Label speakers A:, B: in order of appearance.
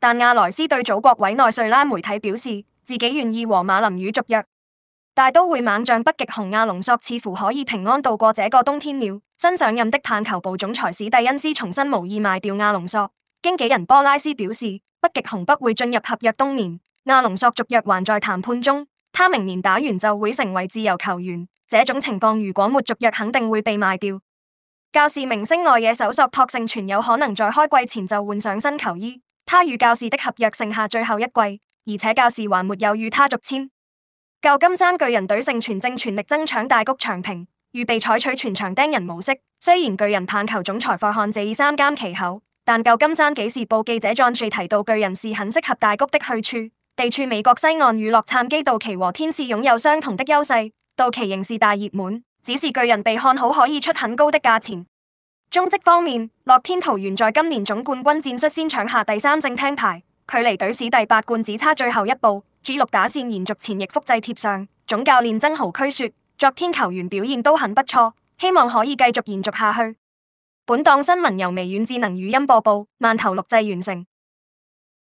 A: 但亞萊斯對祖國委內瑞拉媒體表示，自己願意和馬林魚續約。大都會猛將北極熊亞隆索似乎可以平安度過這個冬天了。新上任的棒球部總裁史蒂恩斯重申無意賣掉亞隆索，經紀人波拉斯表示，北極熊不會進入合約冬眠，亞隆索續約還在談判中，他明年打完就會成為自由球員。這種情況如果沒續約，肯定會被賣掉。教士明星外野手索托盛傳有可能在開季前就換上新球衣。他與教士的合約剩下最後一季，而且教士還沒有與他續簽。舊金山巨人隊正全正全力爭搶大谷翔平，預備採取全場盯人模式。雖然巨人棒球總裁 Farhan Zaidi 三緘其口，但舊金山紀事報記者 Jon Shea 提到巨人是很適合大谷的去處，地處美國西岸與洛杉磯道奇和天使擁有相同的優勢，道奇仍是大熱門，只是巨人被看好可以出很高的價錢。中職方面，樂天桃猿在今年總冠軍戰率先搶下第三勝聽牌，距離隊史第八冠只差最後一步。主六打線延續前役複製貼上，總教練曾豪駒說：昨天球員表現都很不錯，希望可以繼續延續下去。本檔新聞由微軟智能語音播報，慢頭錄製完成。